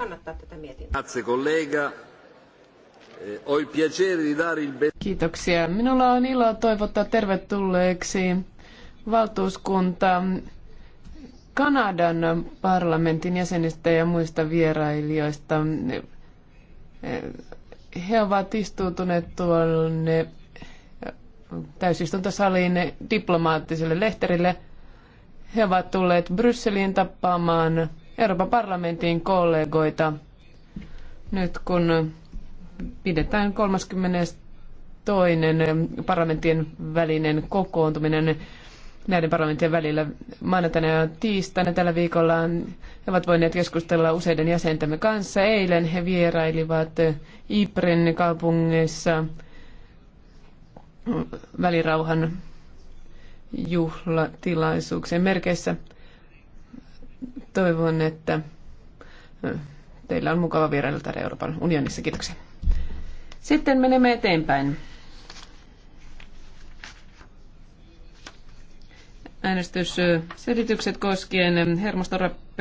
kannattaa tätä mietintöä. Eh, Kiitoksia. Minulla on ilo toivottaa tervetulleeksi valtuuskunta Kanadan parlamentin jäsenistä ja muista vierailijoista. Eh, he ovat istuutuneet tuonne täysistuntosaliin diplomaattiselle lehterille. He ovat tulleet Brysseliin tapaamaan Euroopan parlamentin kollegoita nyt kun pidetään 32. parlamenttien välinen kokoontuminen näiden parlamenttien välillä maanantaina ja tiistaina tällä viikolla. He ovat voineet keskustella useiden jäsentämme kanssa. Eilen he vierailivat Ibrin kaupungissa välirauhan juhlatilaisuuksien merkeissä. Toivon, että teillä on mukava vierailla täällä Euroopan unionissa. Kiitoksia. Sitten menemme eteenpäin. Äänestysselitykset koskien hermostorappi